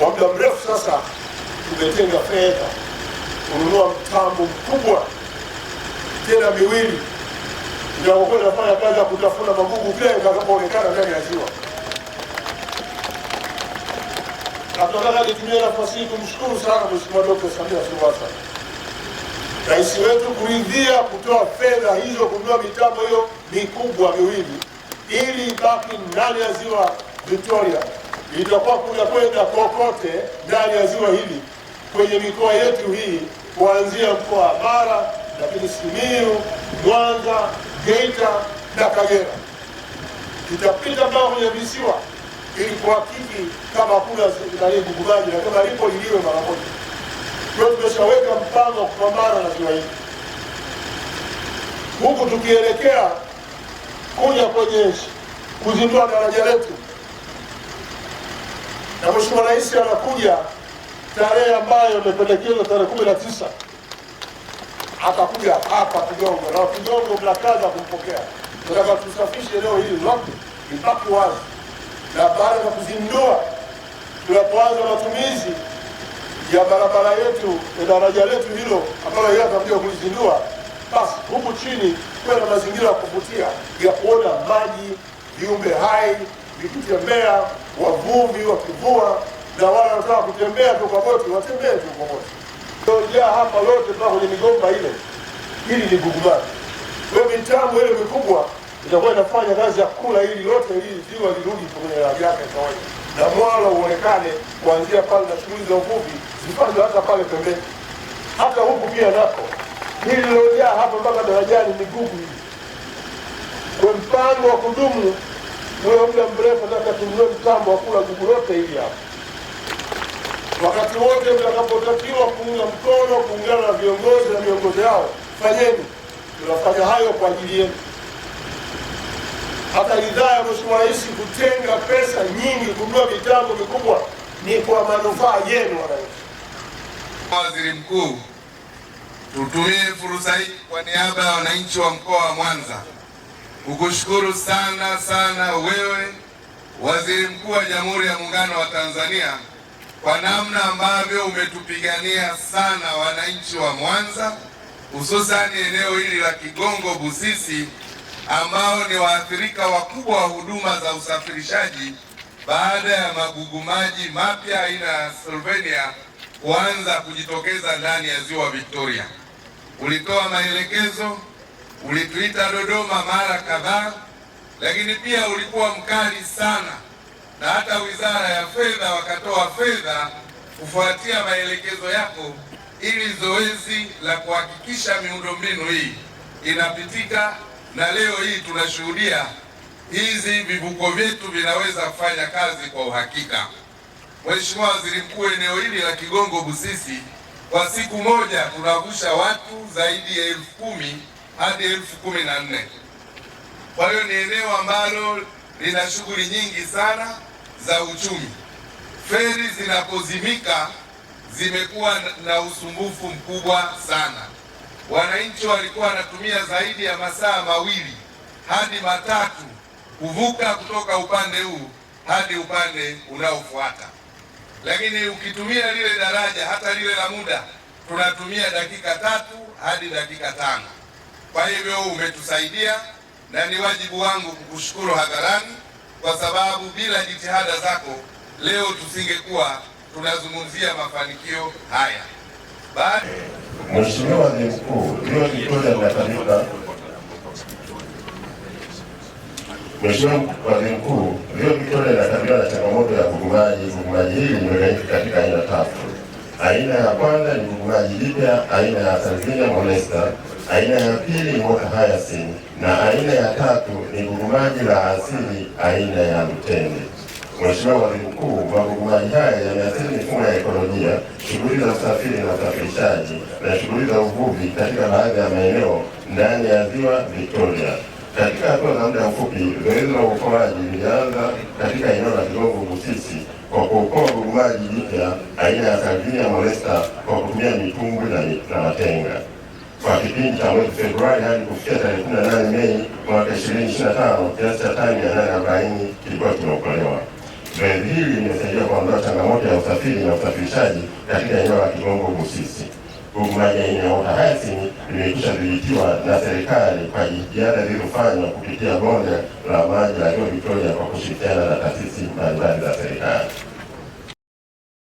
Kwa muda mrefu sasa tumetenga fedha kununua mtambo mkubwa tena miwili inakokuwa inafanya kazi ya kutafuna magugu kila itakapoonekana ndani ya ziwa. Nataka nitumie nafasi hii kumshukuru sana Mheshimiwa Dkt. Samia Suluhu Hassan, rais wetu, kuridhia kutoa fedha hizo kununua mitambo hiyo mikubwa miwili ili ibaki ndani ya ziwa Victoria litakuwa kwenda kokote ndani ya ziwa hili kwenye mikoa yetu hii kuanzia mkoa wa Bara, lakini Simiyu, Mwanza, Geita na Kagera. Tutapita mbao kwenye visiwa ili kuhakiki kama hakuna gugumaji na kama lipo iliwe mara moja. Kwa hiyo tumeshaweka mpango wa kupambana na ziwa hili, huku tukielekea kuja kwenye kuzindua daraja letu na Mheshimiwa Rais anakuja tarehe ambayo imependekezwa tarehe kumi na tisa atakuja hapa kidogo na Kigongo mnakaza kumpokea. Tunataka tusafishe eneo hili lote libaki wazi, na baada ya kuzindua tunapoanza matumizi ya barabara yetu ya daraja letu hilo ambalo yeye atakuja kulizindua, basi huku chini kuwe na mazingira ya kuvutia ya kuona maji, viumbe hai vikitembea wavuvi wakivua, na wale wanataka kutembea tu kwa boti watembee tu kwa boti. Ojaa hapa lote mpaka kwenye migomba ile, hili ni Kwa hiyo mitambo ile mikubwa itakuwa inafanya kazi ya kula hili lote, hili ziwa lirudi kwenye rangi yake kawaida, na mwala uonekane kuanzia pale, na shughuli za uvuvi zifanywe hata pale pembeni, hata huku pia nako hili lilojaa hapa mpaka darajani ni gugu hili. Kwa mpango wa kudumu kwa muda mrefu nataka tununue mtambo wa kula gugu lote hili hapa. Wakati wote mtakapotakiwa kuunga mkono, kuungana na viongozi na viongozi yao fanyeni. Tunafanya hayo kwa ajili yenu. Hata ridhaa ya Mheshimiwa Rais kutenga pesa nyingi kununua mitambo mikubwa ni kwa manufaa yenu wananchi. Waziri Mkuu, tutumie fursa hii kwa niaba ya wananchi wa mkoa wa Mwanza kukushukuru sana sana wewe Waziri Mkuu wa Jamhuri ya Muungano wa Tanzania kwa namna ambavyo umetupigania sana wananchi wa Mwanza, hususani eneo hili la Kigongo Busisi, ambao ni waathirika wakubwa wa huduma za usafirishaji baada ya magugu maji mapya aina ya Slovenia kuanza kujitokeza ndani ya Ziwa Victoria. Ulitoa maelekezo ulituita Dodoma mara kadhaa, lakini pia ulikuwa mkali sana, na hata wizara ya fedha wakatoa fedha kufuatia maelekezo yako, ili zoezi la kuhakikisha miundombinu hii inapitika, na leo hii tunashuhudia hizi vivuko vyetu vinaweza kufanya kazi kwa uhakika. Mheshimiwa Waziri Mkuu, eneo hili la Kigongo Busisi kwa siku moja tunavusha watu zaidi ya elfu kumi hadi elfu kumi na nne. Kwa hiyo ni eneo ambalo lina shughuli nyingi sana za uchumi. Feri zinapozimika zimekuwa na usumbufu mkubwa sana. Wananchi walikuwa wanatumia zaidi ya masaa mawili hadi matatu kuvuka kutoka upande huu hadi upande unaofuata, lakini ukitumia lile daraja hata lile la muda tunatumia dakika tatu hadi dakika tano. Kwa hivyo umetusaidia na ni wajibu wangu kukushukuru hadharani, kwa sababu bila jitihada zako leo tusingekuwa tunazungumzia mafanikio haya. Baada Mheshimiwa Waziri Mkuu, hiyo Kitunda inafanyika. Mheshimiwa Waziri Mkuu, hiyo Kitunda inakabiliwa na changamoto ya vugumaji. Vugumaji hili limegawanyika katika aina tatu. Aina ya kwanza ni vugumaji jipya aina ya Tanzania Molesta aina ya pili ni mwaka hayasini na aina ya tatu ni gugumaji la asili aina ya mtende. Mheshimiwa Waziri Mkuu, magugumaji haya yameathiri mifumo ya ekolojia, shughuli za usafiri na usafirishaji na shughuli za uvuvi katika baadhi ya maeneo ndani ya ziwa Victoria. Katika hatua za muda mfupi, zoezi la uokoaji lilianza katika eneo la Kigongo Busisi kwa kuokoa gugumaji jipya aina ya Salvinia molesta kwa kutumia mitumbwi na matenga kwa kipindi cha mwezi Februari hadi kufikia tarehe 18 Mei mwaka 2025, kiasi cha tani 840 kilikuwa kimeokolewa. Zoezi hili limesaidia kuondoa changamoto ya usafiri na usafirishaji katika eneo la Kigongo Busisi. Gugu aina ya Water Hyacinth limekwisha dhibitiwa na serikali kwa jitihada zilizofanywa kupitia bonde la maji la Ziwa Victoria kwa kushirikiana na taasisi mbalimbali za serikali.